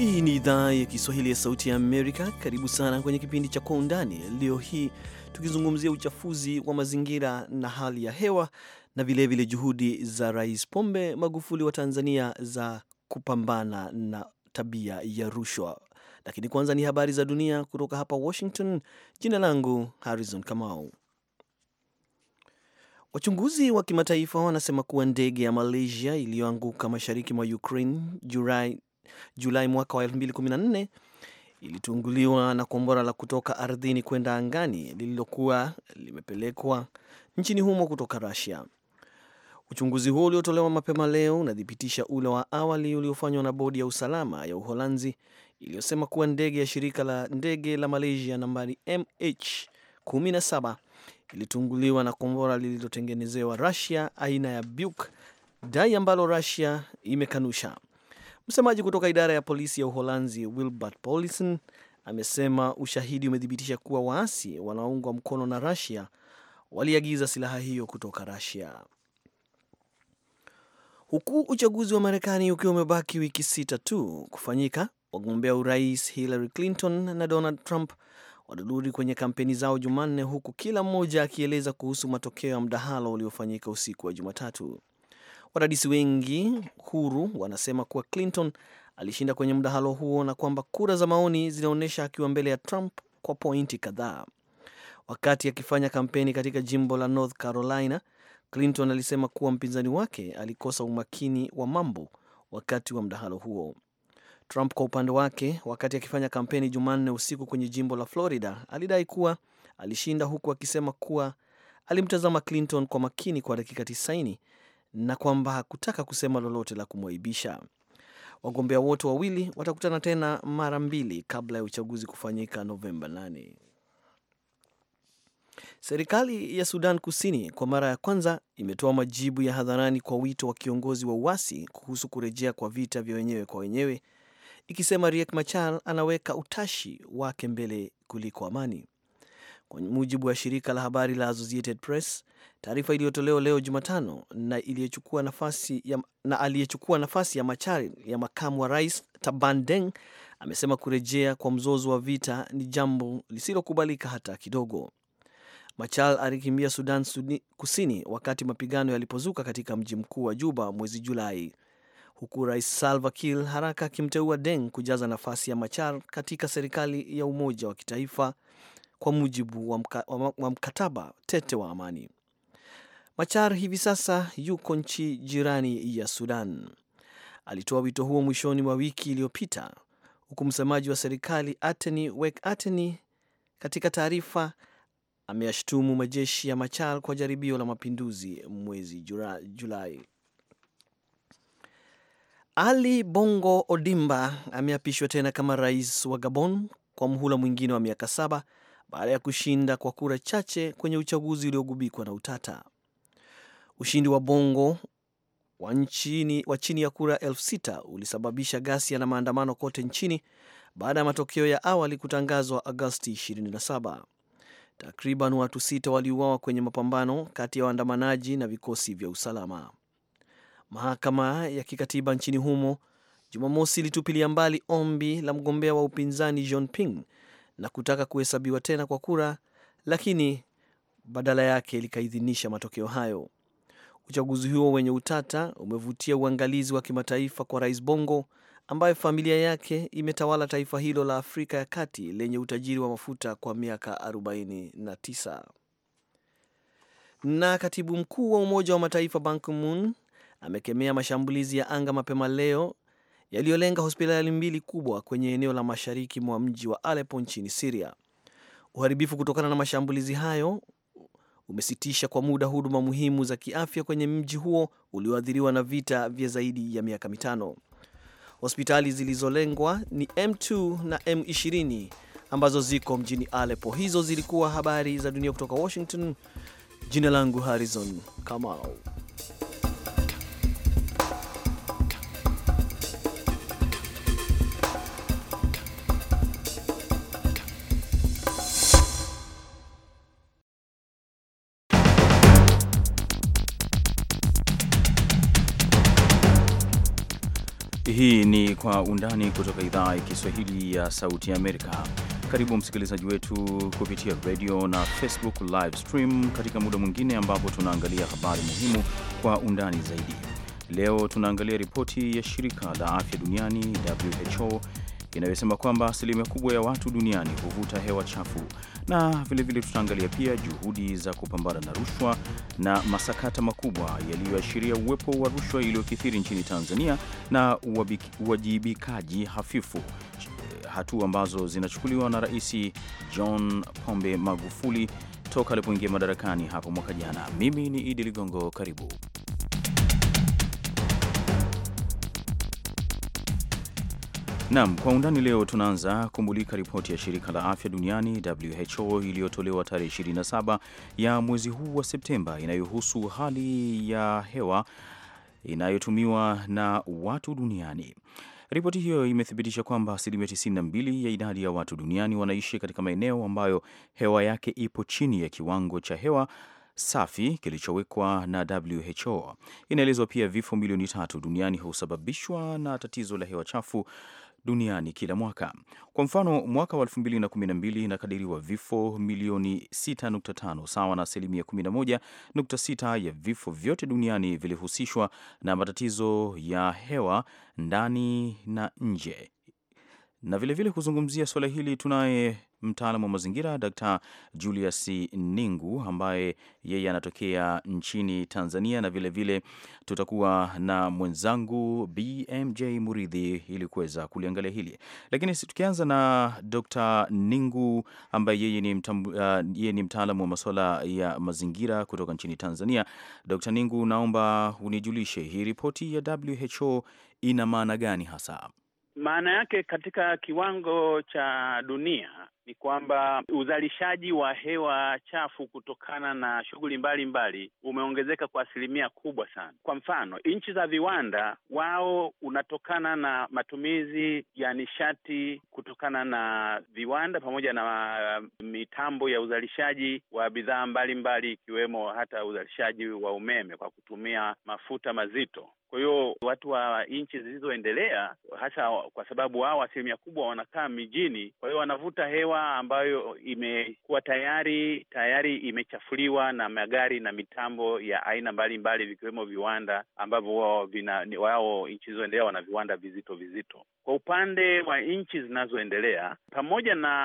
Hii ni idhaa ya Kiswahili ya Sauti ya Amerika. Karibu sana kwenye kipindi cha Kwa Undani. Leo hii tukizungumzia uchafuzi wa mazingira na hali ya hewa na vilevile juhudi za Rais Pombe Magufuli wa Tanzania za kupambana na tabia ya rushwa. Lakini kwanza ni habari za dunia kutoka hapa Washington. Jina langu Harrison Kamau. Wachunguzi wa kimataifa wanasema kuwa ndege ya Malaysia iliyoanguka mashariki mwa Ukraine Julai Julai mwaka wa 2014 ilitunguliwa na kombora la kutoka ardhini kwenda angani lililokuwa limepelekwa nchini humo kutoka Russia. Uchunguzi huo uliotolewa mapema leo unathibitisha ule wa awali uliofanywa na bodi ya usalama ya Uholanzi iliyosema kuwa ndege ya shirika la ndege la Malaysia nambari MH17 ilitunguliwa na kombora lililotengenezewa Russia aina ya Buk dai ambalo Russia imekanusha. Msemaji kutoka idara ya polisi ya Uholanzi, Wilbert Paulison, amesema ushahidi umethibitisha kuwa waasi wanaoungwa mkono na Russia waliagiza silaha hiyo kutoka Russia. Huku uchaguzi wa Marekani ukiwa umebaki wiki sita tu kufanyika, wagombea urais Hillary Clinton na Donald Trump walirudi kwenye kampeni zao Jumanne, huku kila mmoja akieleza kuhusu matokeo ya mdahalo uliofanyika usiku wa Jumatatu. Wadadisi wengi huru wanasema kuwa Clinton alishinda kwenye mdahalo huo na kwamba kura za maoni zinaonyesha akiwa mbele ya Trump kwa pointi kadhaa. Wakati akifanya kampeni katika jimbo la North Carolina, Clinton alisema kuwa mpinzani wake alikosa umakini wa mambo wakati wa mdahalo huo. Trump kwa upande wake, wakati akifanya kampeni Jumanne usiku kwenye jimbo la Florida, alidai kuwa alishinda huku akisema kuwa alimtazama Clinton kwa makini kwa dakika tisaini na kwamba hakutaka kusema lolote la kumwaibisha. Wagombea wote wawili watakutana tena mara mbili kabla ya uchaguzi kufanyika Novemba 8. Serikali ya Sudan Kusini kwa mara ya kwanza imetoa majibu ya hadharani kwa wito wa kiongozi wa uasi kuhusu kurejea kwa vita vya wenyewe kwa wenyewe, ikisema Riek Machar anaweka utashi wake mbele kuliko amani kwa mujibu wa shirika la habari la Associated Press. Taarifa iliyotolewa leo Jumatano na aliyechukua nafasi ya, na nafasi ya Machar ya makamu wa rais Taban Deng amesema kurejea kwa mzozo wa vita ni jambo lisilokubalika hata kidogo. Machar alikimbia Sudan Kusini wakati mapigano yalipozuka katika mji mkuu wa Juba mwezi Julai, huku rais Salva Kiir haraka akimteua Deng kujaza nafasi ya Machar katika serikali ya umoja wa kitaifa kwa mujibu wa, mka, wa, wa mkataba tete wa amani. Machar hivi sasa yuko nchi jirani ya Sudan. Alitoa wito huo mwishoni mwa wiki iliyopita, huku msemaji wa serikali Ateni Wek Ateni katika taarifa ameashtumu majeshi ya Machar kwa jaribio la mapinduzi mwezi jura, Julai. Ali Bongo Odimba ameapishwa tena kama rais wa Gabon kwa mhula mwingine wa miaka saba baada ya kushinda kwa kura chache kwenye uchaguzi uliogubikwa na utata. Ushindi wa Bongo wa, nchini, wa chini ya kura elfu sita ulisababisha ghasia na maandamano kote nchini baada ya matokeo ya awali kutangazwa Agosti 27. Takriban watu sita waliuawa kwenye mapambano kati ya waandamanaji na vikosi vya usalama. Mahakama ya kikatiba nchini humo Jumamosi ilitupilia mbali ombi la mgombea wa upinzani John Ping na kutaka kuhesabiwa tena kwa kura, lakini badala yake likaidhinisha matokeo hayo. Uchaguzi huo wenye utata umevutia uangalizi wa kimataifa kwa Rais Bongo ambayo familia yake imetawala taifa hilo la Afrika ya Kati lenye utajiri wa mafuta kwa miaka 49. Na katibu mkuu wa Umoja wa Mataifa Ban Ki-moon amekemea mashambulizi ya anga mapema leo yaliyolenga hospitali mbili kubwa kwenye eneo la mashariki mwa mji wa Aleppo nchini Syria. Uharibifu kutokana na mashambulizi hayo umesitisha kwa muda huduma muhimu za kiafya kwenye mji huo ulioathiriwa na vita vya zaidi ya miaka mitano. Hospitali zilizolengwa ni M2 na M20 ambazo ziko mjini Aleppo. Hizo zilikuwa habari za dunia kutoka Washington. Jina langu Harrison Kamau. Kwa Undani kutoka idhaa ya Kiswahili ya Sauti ya Amerika. Karibu msikilizaji wetu kupitia radio na Facebook live stream katika muda mwingine ambapo tunaangalia habari muhimu kwa undani zaidi. Leo tunaangalia ripoti ya shirika la afya duniani WHO inayosema kwamba asilimia kubwa ya watu duniani huvuta hewa chafu, na vilevile tutaangalia pia juhudi za kupambana na rushwa na masakata makubwa yaliyoashiria uwepo wa rushwa iliyokithiri nchini Tanzania na uwajibikaji hafifu hatua ambazo zinachukuliwa na Rais John Pombe Magufuli toka alipoingia madarakani hapo mwaka jana. Mimi ni Idi Ligongo, karibu Naam, kwa undani leo tunaanza kumulika ripoti ya shirika la afya duniani WHO iliyotolewa tarehe 27 ya mwezi huu wa Septemba inayohusu hali ya hewa inayotumiwa na watu duniani. Ripoti hiyo imethibitisha kwamba asilimia 92 ya idadi ya watu duniani wanaishi katika maeneo ambayo hewa yake ipo chini ya kiwango cha hewa safi kilichowekwa na WHO. Inaelezwa pia vifo milioni tatu duniani husababishwa na tatizo la hewa chafu duniani kila mwaka. Kwa mfano, mwaka wa 2012 inakadiriwa vifo milioni 6.5 sawa na asilimia 11.6 ya vifo vyote duniani vilihusishwa na matatizo ya hewa ndani na nje na vilevile kuzungumzia suala hili tunaye mtaalamu wa mazingira Dkt. Julius Ningu ambaye yeye anatokea nchini Tanzania, na vilevile vile tutakuwa na mwenzangu BMJ Muridhi ili kuweza kuliangalia hili, lakini tukianza na Dkt. Ningu ambaye yeye ni, uh, ni mtaalamu wa masuala ya mazingira kutoka nchini Tanzania. Dkt. Ningu, naomba unijulishe hii ripoti ya WHO ina maana gani hasa? Maana yake katika kiwango cha dunia ni kwamba uzalishaji wa hewa chafu kutokana na shughuli mbalimbali umeongezeka kwa asilimia kubwa sana. Kwa mfano, nchi za viwanda, wao unatokana na matumizi ya nishati kutokana na viwanda pamoja na uh, mitambo ya uzalishaji wa bidhaa mbalimbali, ikiwemo hata uzalishaji wa umeme kwa kutumia mafuta mazito. Kwa hiyo watu wa nchi zilizoendelea, hasa kwa sababu wao asilimia kubwa wanakaa mijini, kwa hiyo wanavuta hewa ambayo imekuwa tayari tayari imechafuliwa na magari na mitambo ya aina mbalimbali, vikiwemo viwanda ambavyo wao vina wao nchi zilizoendelea wana viwanda vizito vizito. Kwa upande wa nchi zinazoendelea pamoja na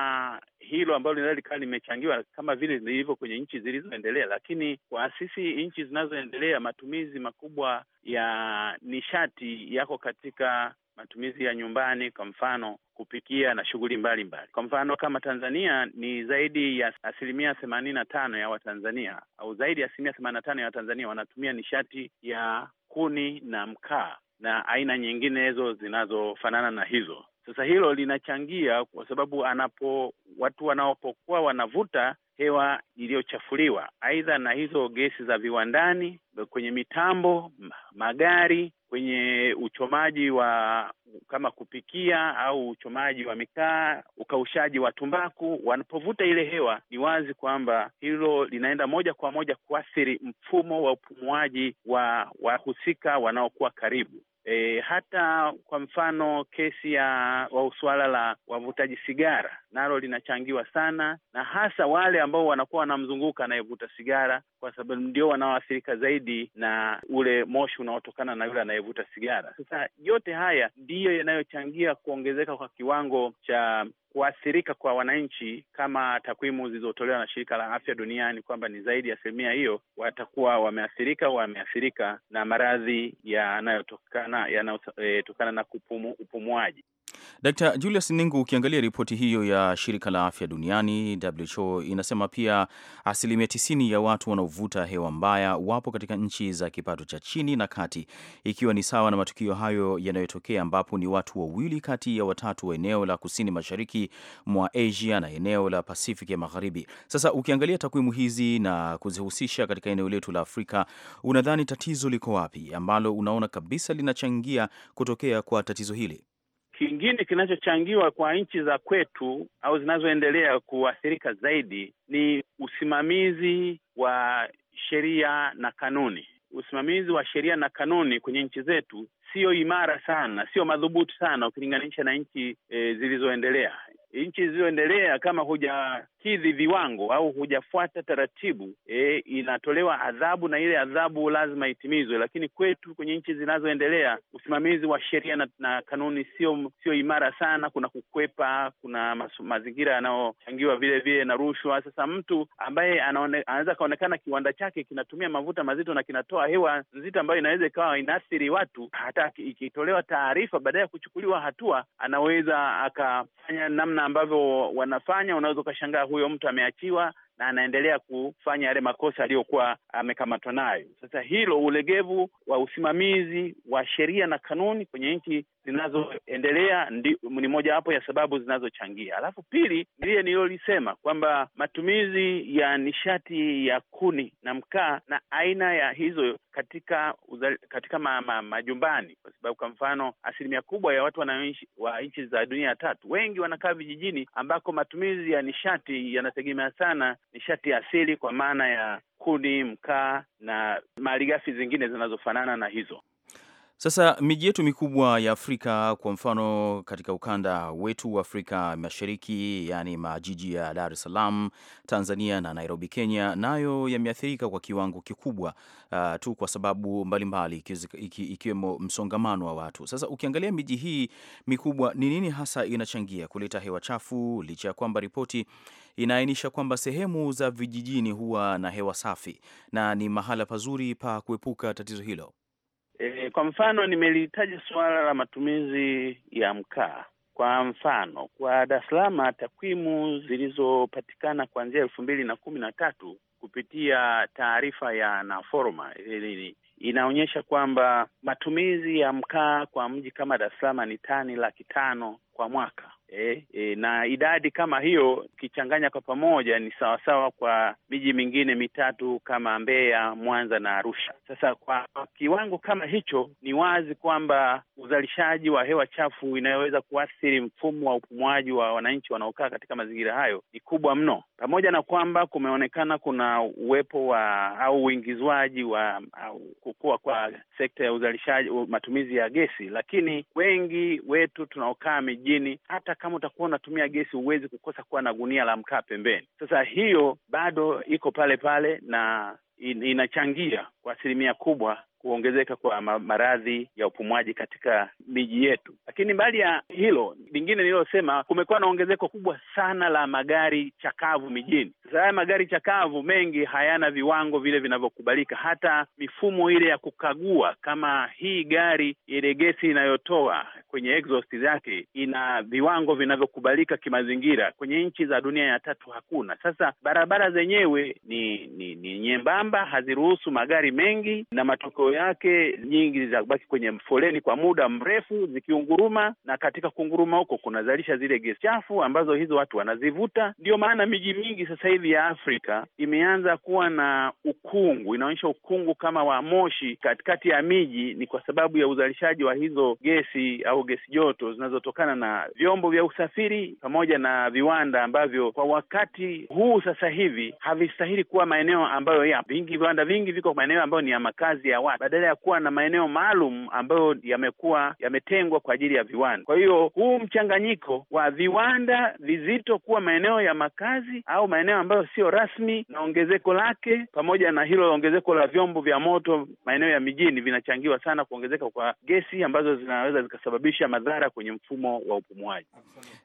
hilo ambalo linaweza likawa limechangiwa kama vile lilivyo kwenye nchi zilizoendelea, lakini kwa sisi nchi zinazoendelea, matumizi makubwa ya nishati yako katika matumizi ya nyumbani, kwa mfano kupikia na shughuli mbalimbali. Kwa mfano kama Tanzania ni zaidi ya asilimia themanini na tano ya Watanzania au zaidi ya asilimia themanini na tano ya Watanzania wanatumia nishati ya kuni na mkaa na aina nyinginezo zinazofanana na hizo. Sasa hilo linachangia kwa sababu anapo watu wanaopokuwa wanavuta hewa iliyochafuliwa aidha na hizo gesi za viwandani, kwenye mitambo, magari, kwenye uchomaji wa kama kupikia au uchomaji wa mikaa, ukaushaji wa tumbaku, wanapovuta ile hewa, ni wazi kwamba hilo linaenda moja kwa moja kuathiri mfumo wa upumuaji wa wahusika wanaokuwa karibu. E, hata kwa mfano kesi ya wa suala la wavutaji sigara nalo linachangiwa sana, na hasa wale ambao wanakuwa wanamzunguka anayevuta sigara, kwa sababu ndio wanaoathirika zaidi na ule moshi unaotokana na yule anayevuta sigara. Sasa yote haya ndiyo yanayochangia kuongezeka kwa kiwango cha kuathirika kwa wananchi kama takwimu zilizotolewa na shirika la afya duniani kwamba ni zaidi ya asilimia hiyo watakuwa wameathirika wameathirika na maradhi yanayotokana yanayotokana na upumuaji. Dkt. Julius Ningu, ukiangalia ripoti hiyo ya shirika la afya duniani WHO inasema pia asilimia 90 ya watu wanaovuta hewa mbaya wapo katika nchi za kipato cha chini na kati, ikiwa ni sawa na matukio hayo yanayotokea ambapo ni watu wawili kati ya watatu wa eneo la kusini mashariki mwa Asia na eneo la Pacific ya magharibi. Sasa ukiangalia takwimu hizi na kuzihusisha katika eneo letu la Afrika, unadhani tatizo liko wapi, ambalo unaona kabisa linachangia kutokea kwa tatizo hili? Kingine kinachochangiwa kwa nchi za kwetu au zinazoendelea kuathirika zaidi ni usimamizi wa sheria na kanuni. Usimamizi wa sheria na kanuni kwenye nchi zetu sio imara sana, sio madhubuti sana ukilinganisha na nchi e, zilizoendelea nchi zilizoendelea kama hujakidhi viwango au hujafuata taratibu e, inatolewa adhabu na ile adhabu lazima itimizwe. Lakini kwetu kwenye nchi zinazoendelea usimamizi wa sheria na, na kanuni sio sio imara sana. Kuna kukwepa, kuna masu, mazingira yanayochangiwa vile vile na rushwa. Sasa mtu ambaye anaweza akaonekana kiwanda chake kinatumia mavuta mazito na kinatoa hewa nzito ambayo inaweza ikawa inaathiri watu, hata ikitolewa taarifa baadaye ya kuchukuliwa hatua, anaweza akafanya namna namna ambavyo wanafanya, unaweza ukashangaa huyo mtu ameachiwa na anaendelea kufanya yale makosa aliyokuwa amekamatwa nayo. Sasa hilo, ulegevu wa usimamizi wa sheria na kanuni kwenye nchi zinazoendelea ni moja wapo ya sababu zinazochangia. Alafu pili, ndiye nililolisema kwamba matumizi ya nishati ya kuni na mkaa na aina ya hizo katika uzal, katika ma, ma, majumbani, kwa sababu kwa mfano asilimia kubwa ya watu wa nchi za dunia ya tatu wengi wanakaa vijijini ambako matumizi ya nishati yanategemea sana nishati asili, kwa maana ya kuni, mkaa na malighafi zingine zinazofanana na hizo. Sasa miji yetu mikubwa ya Afrika, kwa mfano katika ukanda wetu wa Afrika Mashariki, yaani majiji ya Dar es Salaam Tanzania na Nairobi Kenya, nayo yameathirika kwa kiwango kikubwa uh, tu kwa sababu mbalimbali ikiwemo iki, msongamano wa watu. Sasa ukiangalia miji hii mikubwa, ni nini hasa inachangia kuleta hewa chafu, licha ya kwamba ripoti inaainisha kwamba sehemu za vijijini huwa na hewa safi na ni mahala pazuri pa kuepuka tatizo hilo? E, kwa mfano nimelihitaji suala la matumizi ya mkaa. Kwa mfano kwa Dar es Salaam, takwimu zilizopatikana kuanzia elfu mbili na kumi na tatu kupitia taarifa ya Naforma eh, inaonyesha kwamba matumizi ya mkaa kwa mji kama Dar es Salaam ni tani laki tano kwa mwaka eh, eh, na idadi kama hiyo ukichanganya kwa pamoja ni sawasawa kwa miji mingine mitatu kama Mbeya, Mwanza na Arusha. Sasa kwa kiwango kama hicho, ni wazi kwamba uzalishaji wa hewa chafu inayoweza kuathiri mfumo wa upumuaji wa wananchi wanaokaa katika mazingira hayo ni kubwa mno, pamoja na kwamba kumeonekana kuna uwepo wa au uingizwaji wa au kukua kwa sekta ya uzalishaji matumizi ya gesi, lakini wengi wetu tunaokaa mijini hata kama utakuwa unatumia gesi huwezi kukosa kuwa na gunia la mkaa pembeni. Sasa hiyo bado iko pale pale na inachangia kwa asilimia kubwa kuongezeka kwa maradhi ya upumuaji katika miji yetu. Lakini mbali ya hilo, lingine nililosema, kumekuwa na ongezeko kubwa sana la magari chakavu mijini. Sasa haya magari chakavu mengi hayana viwango vile vinavyokubalika, hata mifumo ile ya kukagua kama hii gari ile gesi inayotoa kwenye exhaust zake ina viwango vinavyokubalika kimazingira, kwenye nchi za dunia ya tatu hakuna. Sasa barabara zenyewe ni, ni, ni nyembamba, haziruhusu magari mengi na matokeo yake nyingi za kwenye foleni kwa muda mrefu zikiunguruma, na katika kunguruma huko kunazalisha zile gesi chafu ambazo hizo watu wanazivuta. ndio maana miji mingi sasa hivi ya Afrika imeanza kuwa na ukungu, inaonyesha ukungu kama wa moshi katikati ya miji, ni kwa sababu ya uzalishaji wa hizo gesi au gesi joto zinazotokana na vyombo vya usafiri pamoja na viwanda ambavyo kwa wakati huu sasa hivi havistahili kuwa maeneo ambayo ya vingi, viwanda vingi viko maeneo ambayo ni ya makazi ya watu badala ya kuwa na maeneo maalum ambayo yamekuwa yametengwa kwa ajili ya viwanda. Kwa hiyo huu mchanganyiko wa viwanda vizito kuwa maeneo ya makazi au maeneo ambayo sio rasmi na ongezeko lake pamoja na hilo ongezeko la vyombo vya moto maeneo ya mijini vinachangiwa sana kuongezeka kwa gesi ambazo zinaweza zikasababisha madhara kwenye mfumo wa upumuaji.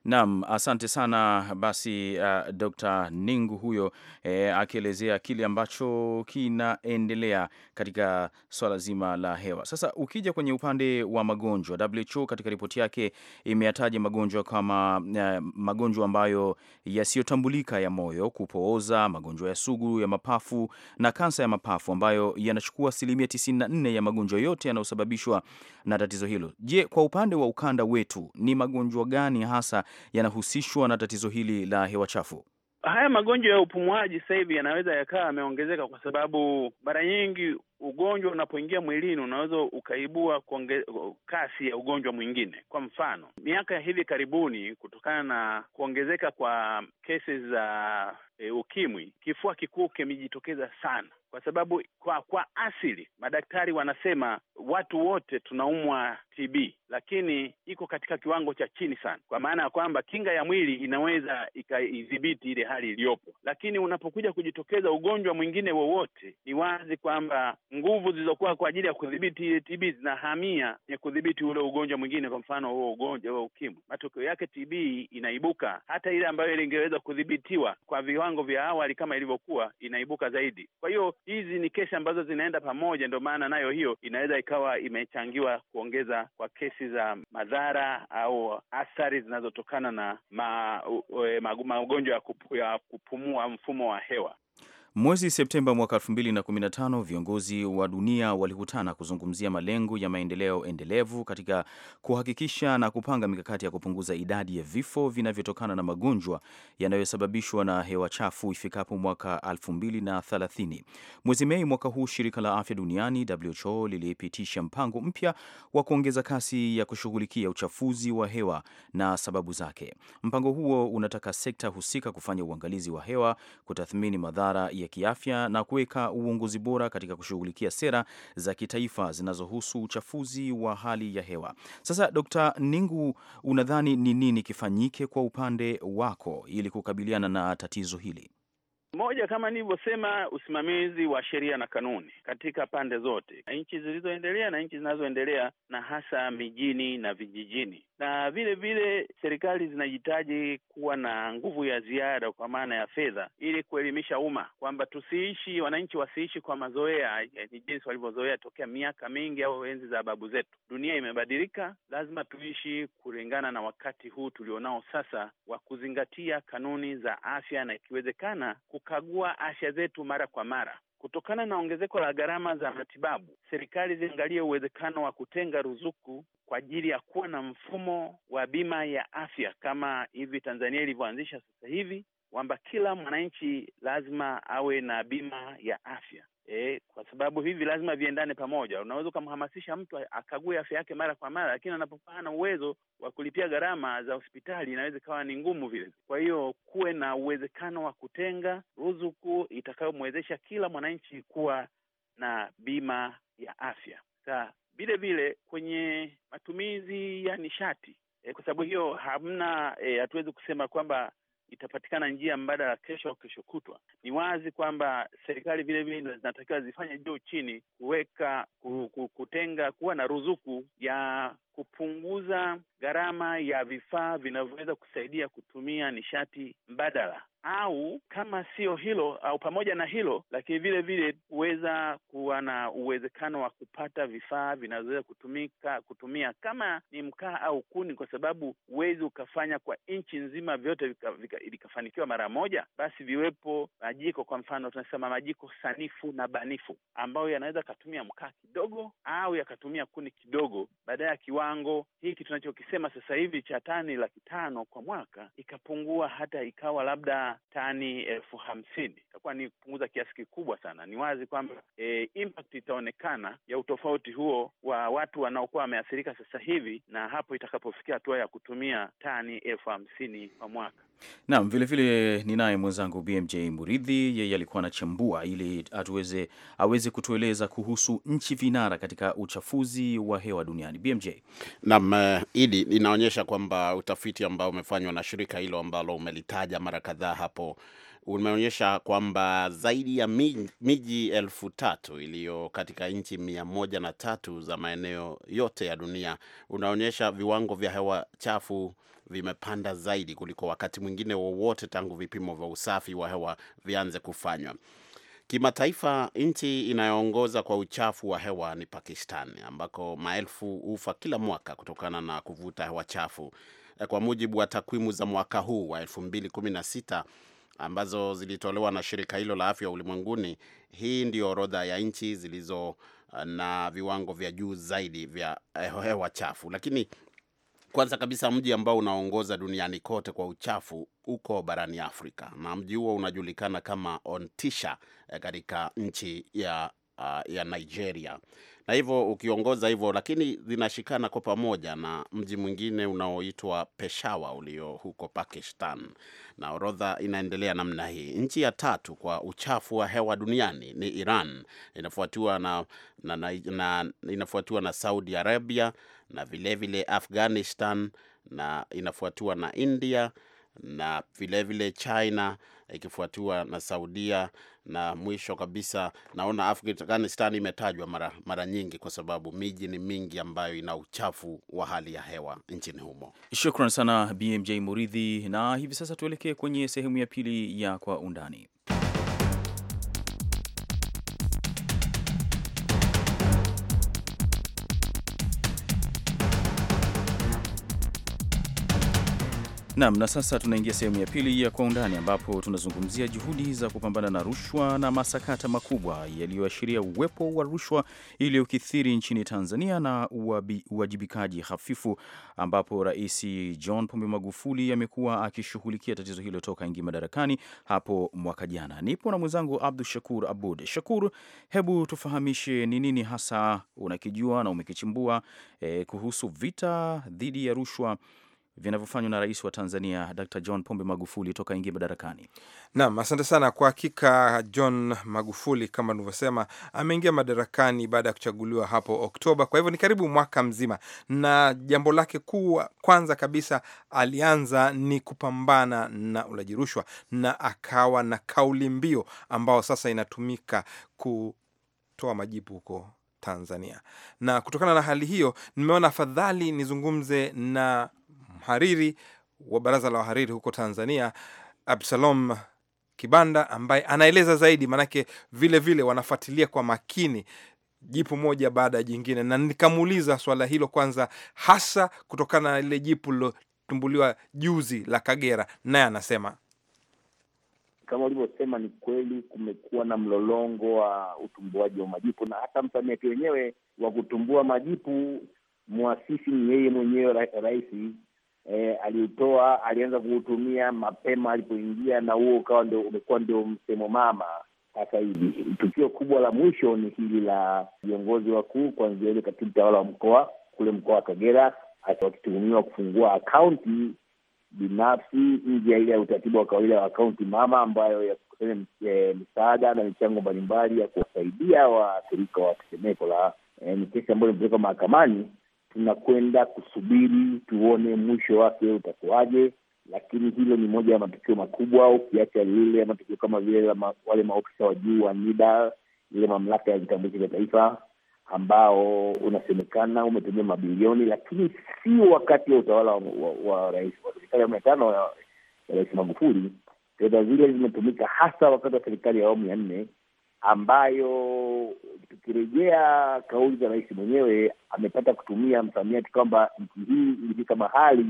Naam, asante sana basi, uh, Dr. Ningu huyo eh, akielezea kile ambacho kinaendelea katika swala zima la hewa. Sasa ukija kwenye upande wa magonjwa, WHO katika ripoti yake imeyataja magonjwa kama uh, magonjwa ambayo yasiyotambulika ya moyo, kupooza, magonjwa ya sugu ya mapafu na kansa ya mapafu ambayo yanachukua asilimia 94 ya magonjwa yote yanayosababishwa na tatizo hilo. Je, kwa upande wa ukanda wetu ni magonjwa gani hasa yanahusishwa na tatizo hili la hewa chafu? haya magonjwa ya upumuaji sasa hivi yanaweza yakawa yameongezeka kwa sababu mara nyingi ugonjwa unapoingia mwilini unaweza ukaibua kuonge, kasi ya ugonjwa mwingine. Kwa mfano, miaka ya hivi karibuni, kutokana na kuongezeka kwa kesi za e, ukimwi, kifua kikuu kimejitokeza sana kwa sababu kwa kwa asili madaktari wanasema watu wote tunaumwa TB, lakini iko katika kiwango cha chini sana, kwa maana ya kwamba kinga ya mwili inaweza ikaidhibiti ile hali iliyopo. Lakini unapokuja kujitokeza ugonjwa mwingine wowote, ni wazi kwamba nguvu zilizokuwa kwa ajili ya kudhibiti ile TB zinahamia ya kudhibiti ule ugonjwa mwingine, kwa mfano huo ugonjwa wa UKIMWI. Matokeo yake TB inaibuka, hata ile ambayo ilingeweza kudhibitiwa kwa viwango vya awali kama ilivyokuwa, inaibuka zaidi. Kwa hiyo hizi ni kesi ambazo zinaenda pamoja, ndio maana nayo hiyo inaweza ikawa imechangiwa kuongeza kwa kesi za madhara au athari zinazotokana na ma, e, magonjwa ya kupumua, mfumo wa hewa. Mwezi Septemba mwaka 2015 viongozi wa dunia walikutana kuzungumzia malengo ya maendeleo endelevu katika kuhakikisha na kupanga mikakati ya kupunguza idadi ya vifo vinavyotokana na magonjwa yanayosababishwa na hewa chafu ifikapo mwaka 2030. Mwezi Mei mwaka huu shirika la afya duniani WHO lilipitisha mpango mpya wa kuongeza kasi ya kushughulikia uchafuzi wa hewa na sababu zake. Mpango huo unataka sekta husika kufanya uangalizi wa hewa, kutathmini madhara ya kiafya na kuweka uongozi bora katika kushughulikia sera za kitaifa zinazohusu uchafuzi wa hali ya hewa. Sasa d Ningu, unadhani ni nini kifanyike kwa upande wako ili kukabiliana na tatizo hili? Moja, kama nilivyosema, usimamizi wa sheria na kanuni katika pande zote, nchi zilizoendelea na nchi zinazoendelea, na hasa mijini na vijijini. Na vile vile serikali zinahitaji kuwa na nguvu ya ziada kwa maana ya fedha, ili kuelimisha umma kwamba tusiishi, wananchi wasiishi kwa mazoea ni yaani jinsi walivyozoea tokea miaka mingi au enzi za babu zetu. Dunia imebadilika, lazima tuishi kulingana na wakati huu tulionao sasa wa kuzingatia kanuni za afya na ikiwezekana kukagua afya zetu mara kwa mara. Kutokana na ongezeko la gharama za matibabu, serikali ziangalie uwezekano wa kutenga ruzuku kwa ajili ya kuwa na mfumo wa bima ya afya kama hivi Tanzania ilivyoanzisha sasa hivi, kwamba kila mwananchi lazima awe na bima ya afya. E, kwa sababu hivi lazima viendane pamoja. Unaweza ukamhamasisha mtu akague afya yake mara kwa mara, lakini anapokuwa na uwezo wa kulipia gharama za hospitali inaweza ikawa ni ngumu vile. Kwa hiyo kuwe na uwezekano wa kutenga ruzuku itakayomwezesha kila mwananchi kuwa na bima ya afya. Sa vile vile kwenye matumizi ya nishati e, kwa sababu hiyo hamna e, hatuwezi kusema kwamba itapatikana njia mbadala kesho au kesho kutwa. Ni wazi kwamba serikali vile vile zinatakiwa zifanye juu chini kuweka kutenga, kuwa na ruzuku ya kupunguza gharama ya vifaa vinavyoweza kusaidia kutumia nishati mbadala au kama sio hilo au pamoja na hilo, lakini vile vile huweza kuwa na uwezekano wa kupata vifaa vinavyoweza kutumika kutumia kama ni mkaa au kuni, kwa sababu huwezi ukafanya kwa nchi nzima vyote vikafanikiwa mara moja. Basi viwepo majiko, kwa mfano tunasema majiko sanifu na banifu, ambayo yanaweza yakatumia mkaa kidogo au yakatumia kuni kidogo, baadaye akiwa kiwango hiki tunachokisema sasa hivi cha tani laki tano kwa mwaka ikapungua hata ikawa labda tani elfu hamsini itakuwa ni kupunguza kiasi kikubwa sana. Ni wazi kwamba e, impact itaonekana ya utofauti huo wa watu wanaokuwa wameathirika sasa hivi na hapo itakapofikia hatua ya kutumia tani elfu hamsini kwa mwaka. Naam, vilevile ni naye mwenzangu BMJ Muridhi, yeye alikuwa anachambua ili atuweze aweze kutueleza kuhusu nchi vinara katika uchafuzi wa hewa duniani. BMJ. Naam, eh, ili inaonyesha kwamba utafiti ambao umefanywa na shirika hilo ambalo umelitaja mara kadhaa hapo umeonyesha kwamba zaidi ya miji elfu tatu iliyo katika nchi mia moja na tatu za maeneo yote ya dunia unaonyesha viwango vya hewa chafu vimepanda zaidi kuliko wakati mwingine wowote tangu vipimo vya usafi wa hewa vianze kufanywa. Kimataifa, nchi inayoongoza kwa uchafu wa hewa ni Pakistan ambako maelfu hufa kila mwaka kutokana na kuvuta hewa chafu. Kwa mujibu wa takwimu za mwaka huu wa 2016, ambazo zilitolewa na shirika hilo la afya ulimwenguni. Hii ndio orodha ya nchi zilizo eh, na viwango vya juu zaidi vya eh, hewa chafu. Lakini kwanza kabisa, mji ambao unaongoza duniani kote kwa uchafu uko barani Afrika na mji huo unajulikana kama Ontisha eh, katika nchi ya uh, ya Nigeria, na hivyo ukiongoza hivyo, lakini zinashikana kwa pamoja na mji mwingine unaoitwa peshawa ulio huko Pakistan, na orodha inaendelea namna hii. Nchi ya tatu kwa uchafu wa hewa duniani ni Iran, inafuatiwa na, na, na, na, inafuatiwa na Saudi Arabia na vilevile vile Afghanistan na inafuatiwa na India na vilevile vile China ikifuatiwa na Saudia na mwisho kabisa naona Afghanistan imetajwa mara, mara nyingi kwa sababu miji ni mingi ambayo ina uchafu wa hali ya hewa nchini humo. Shukran sana BMJ Muridhi, na hivi sasa tuelekee kwenye sehemu ya pili ya Kwa Undani. Nam, na sasa tunaingia sehemu ya pili ya Kwa Undani, ambapo tunazungumzia juhudi za kupambana na rushwa na masakata makubwa yaliyoashiria uwepo wa rushwa iliyokithiri nchini Tanzania na uwajibikaji hafifu, ambapo Rais John Pombe Magufuli amekuwa akishughulikia tatizo hilo toka ingi madarakani hapo mwaka jana. Nipo na mwenzangu Abdu Shakur Abud. Shakur, hebu tufahamishe ni nini hasa unakijua na umekichimbua eh, kuhusu vita dhidi ya rushwa vinavyofanywa na rais wa Tanzania Dr. John Pombe Magufuli toka ingie madarakani. Naam, asante sana. Kwa hakika John Magufuli kama nilivyosema, ameingia madarakani baada ya kuchaguliwa hapo Oktoba, kwa hivyo ni karibu mwaka mzima, na jambo lake kuu kwanza kabisa alianza ni kupambana na ulaji rushwa, na akawa na kauli mbio ambao sasa inatumika kutoa majibu huko Tanzania. Na kutokana na hali hiyo, nimeona afadhali nizungumze na mhariri wa baraza la wahariri huko Tanzania, Absalom Kibanda, ambaye anaeleza zaidi, maanake vile vile wanafuatilia kwa makini jipu moja baada ya jingine, na nikamuuliza swala hilo kwanza, hasa kutokana na lile jipu lilotumbuliwa juzi la Kagera, naye anasema kama ulivyosema, ni kweli kumekuwa na mlolongo wa utumbuaji wa majipu na hata msamiati wenyewe wa kutumbua majipu, mwasisi ni yeye mwenyewe, rais e, aliutoa alianza kuutumia mapema alipoingia, na huo ukawa ndio umekuwa ndio msemo mama. Sasa hivi tukio kubwa la mwisho ni hili la viongozi wakuu, kuanzia ile katibu tawala wa mkoa kule mkoa wa Kagera wakituhumiwa kufungua akaunti binafsi nje ya ile ya utaratibu wa kawaida wa akaunti mama ambayo ya kukusanya e, misaada na michango mbalimbali ya kuwasaidia waathirika wa tetemeko la e, ni kesi ambayo imepelekwa mahakamani tunakwenda kusubiri tuone mwisho wake utakuwaje, lakini hilo ni moja ya matukio makubwa, ukiacha lile matukio kama vile wale maofisa wa juu wa NIDA, ile mamlaka ya vitambulisho vya taifa, ambao unasemekana umetumia mabilioni, lakini si wakati wa utawala wa rais wa serikali ya awamu ya tano ya Rais Magufuli. Fedha zile zimetumika hasa wakati wa serikali ya awamu ya nne ambayo tukirejea kauli za rais mwenyewe amepata kutumia msamiati kwamba nchi hii ilifika mahali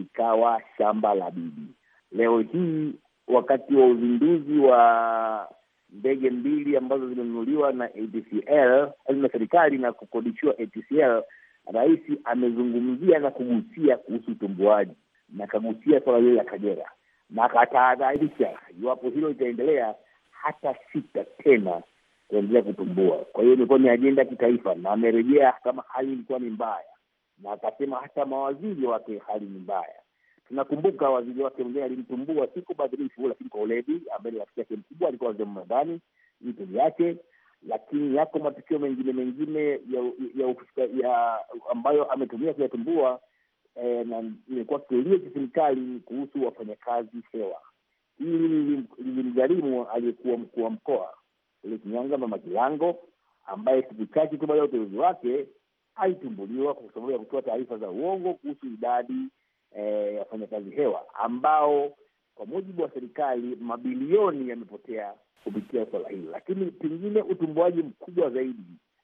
ikawa shamba la bibi. Leo hii wakati wa uzinduzi wa ndege mbili ambazo zimenunuliwa na ATCL na serikali na kukodishiwa ATCL, rais amezungumzia na kugusia kuhusu utumbuaji na akagusia suala lile la Kagera na akatahadharisha iwapo hilo litaendelea hata sita tena kuendelea kutumbua. Kwa hiyo ilikuwa ni ajenda ya kitaifa, na amerejea kama hali ilikuwa ni mbaya, na akasema hata mawaziri wake hali ni mbaya. Tunakumbuka waziri wake mwenyewe alimtumbua, si kwa lakini kwa uledi, ambaye ni rafiki yake mkubwa, alikuwa waziri mwandani mtu yake. Lakini yako matukio mengine mengine ya, ya, ya ambayo ametumia kuyatumbua eh, na imekuwa kilio cha serikali kuhusu wafanyakazi hewa Hili lilimgharimu aliyekuwa mkuu wa mkoa ule kinyanga Mama Kilango, ambaye siku chache tu baada ya uteuzi wake alitumbuliwa kwa sababu ya kutoa taarifa za uongo kuhusu idadi eh, ya wafanyakazi hewa ambao kwa mujibu wa serikali mabilioni yamepotea kupitia swala hili. Lakini pengine utumbuaji mkubwa zaidi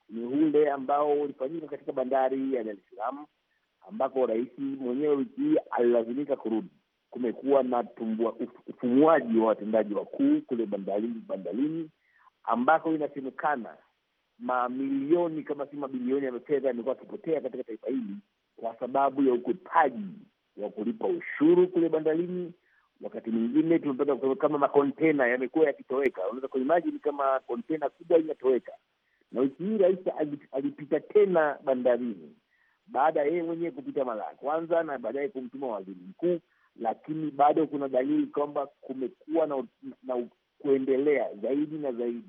ni ule ambao ulifanyika katika bandari ya Dar es Salaam ambako rais mwenyewe wiki hii alilazimika kurudi kumekuwa na ufumuaji wa watendaji wakuu kule bandarini bandarini, ambako inasemekana mamilioni kama si mabilioni ya fedha yamekuwa akipotea katika taifa hili kwa sababu ya ukwepaji wa kulipa ushuru kule bandarini. Wakati mwingine tumepata kama makontena yamekuwa yakitoweka. Unaweza kuimajini kama kontena kubwa inatoweka, na wiki hii rais alipita tena bandarini baada ya yeye mwenyewe kupita mara ya kwanza na baadaye kumtuma waziri mkuu lakini bado kuna dalili kwamba kumekuwa na, na kuendelea zaidi na zaidi.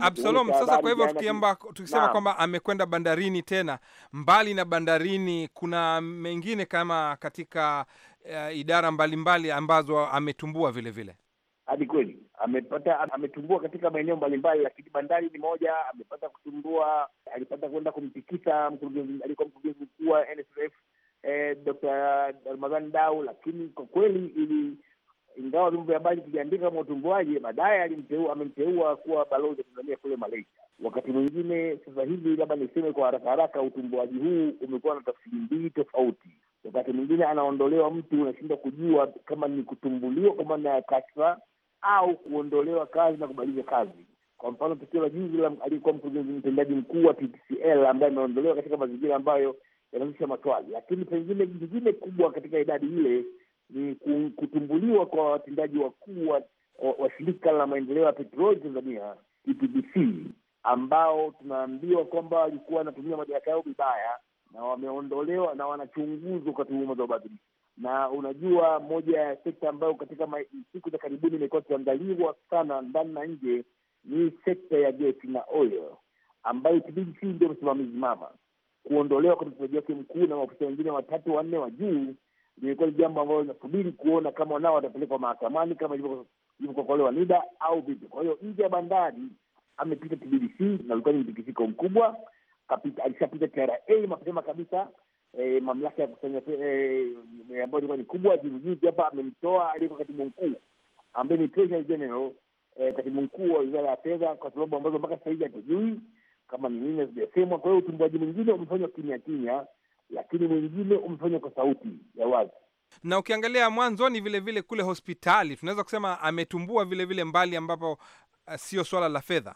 Absalom, sasa kwa hivyo tukiamba tukisema kwamba amekwenda bandarini tena, mbali na bandarini kuna mengine kama katika uh, idara mbalimbali mbali ambazo ametumbua vilevile Hadi kweli amepata ametumbua katika maeneo mbalimbali, lakini bandari ni moja. Amepata kutumbua, alipata kwenda kumtikisa alikuwa mkurugenzi cha Ramadhani Dau, lakini kwa kweli ili ingawa vyombo vya habari kujiandika kama utumbuaji, baadaye alimteua amemteua kuwa balozi wa Tanzania kule Malaysia. Wakati mwingine, sasa hivi, labda niseme kwa haraka haraka, utumbuaji huu umekuwa na tafsiri mbili tofauti. Wakati mwingine anaondolewa mtu, unashindwa kujua kama ni kutumbuliwa kwa maana ya kashfa au kuondolewa kazi na kumaliza kazi. Kwa mfano, tukio la juzi aliyekuwa mkurugenzi mtendaji mkuu wa TTCL ambaye ameondolewa katika mazingira ambayo yanazusha maswali, lakini pengine jingine kubwa katika idadi ile ni kutumbuliwa kwa watendaji wakuu wa, wa, shirika la maendeleo ya petroli Tanzania TPDC ambao tunaambiwa kwamba walikuwa wanatumia madaraka yao vibaya na wameondolewa na wanachunguzwa kwa tuhuma za ubadhirifu. Na unajua moja ya sekta ambayo katika siku za karibuni imekuwa ikiangaliwa sana ndani na nje ni sekta ya gesi na oil, ambayo TPDC ndio msimamizi mama kuondolewa kwa mtendaji wake mkuu na maafisa wengine watatu wanne wa juu lilikuwa ni jambo ambalo linasubiri kuona kama nao watapelekwa mahakamani kama ilivyokuwa kwa wale NIDA au vipi. Kwa hiyo nje ya bandari amepita TBDC na ulikuwa ni mtikisiko mkubwa. Alishapita TRA mapema kabisa, eh, mamlaka ya kusanya eh, ambayo ilikuwa ni kubwa. Juzijuzi hapa amemtoa aliyekuwa katibu mkuu ambaye ni treasury general, eh, katibu mkuu wa wizara ya fedha, kwa sababu ambazo mpaka sasa hivi hatujui kama mingine zijasemwa. Kwa hiyo utumbuaji mwingine umefanywa kimya kimya, lakini mwingine umefanywa kwa sauti ya wazi. Na ukiangalia mwanzoni vile vile kule hospitali, tunaweza kusema ametumbua vile vile mbali ambapo eh, sio swala la fedha.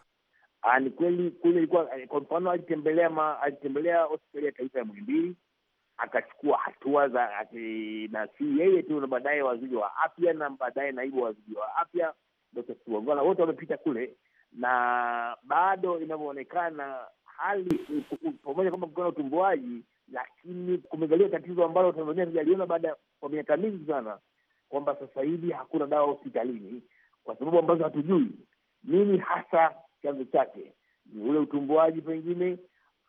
Ah, ni kweli kule ilikuwa eh, kwa mfano, alitembelea alitembelea hospitali ya taifa ya Muhimbili akachukua hatua za ati, na si yeye tu, na baadaye waziri wa afya na baadaye naibu waziri wa afya Dkt. Siwangwala wote wamepita kule na bado inavyoonekana hali pamoja kwamba kuna utumbuaji, lakini kumegalia tatizo ambalo Tanzania hatujaliona baada kwa miaka mingi sana, kwamba sasa hivi hakuna dawa hospitalini kwa sababu ambazo hatujui nini hasa chanzo chake. Ni ule utumbuaji pengine,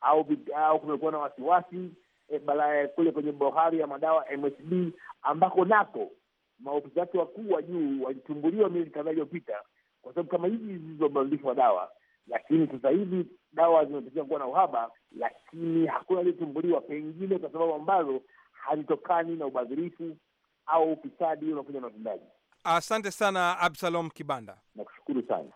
au au kumekuwa na wasiwasi e, balaa kule kwenye bohari ya madawa MSD ambako nako maofisa wake wakuu wa juu walitumbuliwa miezi kadhaa iliyopita kwa sababu kama hizi zilizobadilishwa dawa, lakini sasa hivi dawa zinatakiwa kuwa na uhaba, lakini hakuna aliyetumbuliwa, pengine kwa sababu ambazo hazitokani na ubadhirifu au ufisadi unakuja na utendaji. Asante sana Absalom Kibanda, nakushukuru sana.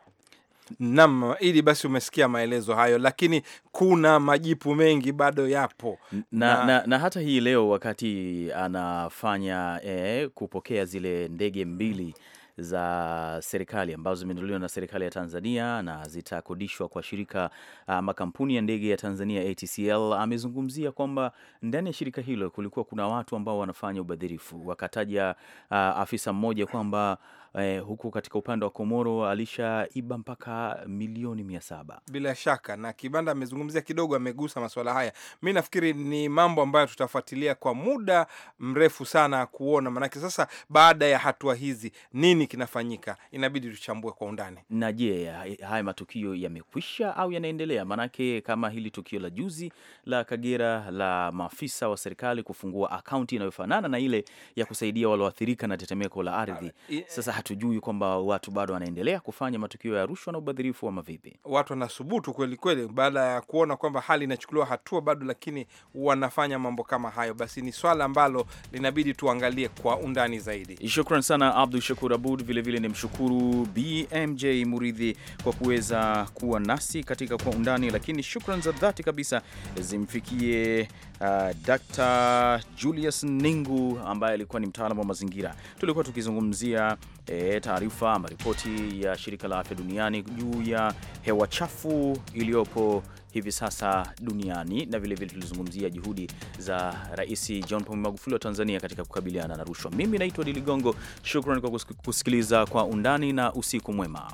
Naam, ili basi umesikia maelezo hayo, lakini kuna majipu mengi bado yapo na, na, na, na hata hii leo wakati anafanya eh, kupokea zile ndege mbili za serikali ambazo zimenunuliwa na serikali ya Tanzania na zitakodishwa kwa shirika ah, makampuni ya ndege ya Tanzania ATCL. Amezungumzia kwamba ndani ya shirika hilo kulikuwa kuna watu ambao wanafanya ubadhirifu, wakataja ah, afisa mmoja kwamba eh, huku katika upande wa Komoro alishaiba mpaka milioni mia saba bila shaka. Na Kibanda amezungumzia kidogo, amegusa masuala haya. Mi nafikiri ni mambo ambayo tutafuatilia kwa muda mrefu sana kuona, maanake sasa baada ya hatua hizi nini kinafanyika, inabidi tuchambue kwa undani. Na je, haya matukio yamekwisha au yanaendelea? Maanake kama hili tukio la juzi la Kagera la maafisa wa serikali kufungua akaunti inayofanana na ile ya kusaidia walioathirika na tetemeko la ardhi, sasa hatujui kwamba watu bado wanaendelea kufanya matukio ya rushwa na ubadhirifu wa mavipi Watu wanasubutu kweli kweli, baada ya kuona kwamba hali inachukuliwa hatua bado, lakini wanafanya mambo kama hayo. Basi ni swala ambalo linabidi tuangalie kwa undani zaidi. Shukran sana Abdu Shakur Abud, vilevile ni mshukuru BMJ Muridhi kwa kuweza kuwa nasi katika kwa undani, lakini shukran za dhati kabisa zimfikie uh, Dr. Julius Ningu ambaye alikuwa ni mtaalamu wa mazingira. Tulikuwa tukizungumzia e, taarifa ama ripoti ya shirika la afya duniani juu ya hewa chafu iliyopo hivi sasa duniani na vilevile tulizungumzia juhudi za Rais John Pombe Magufuli wa Tanzania katika kukabiliana na rushwa. Mimi naitwa Diligongo, shukran kwa kusikiliza kwa undani na usiku mwema.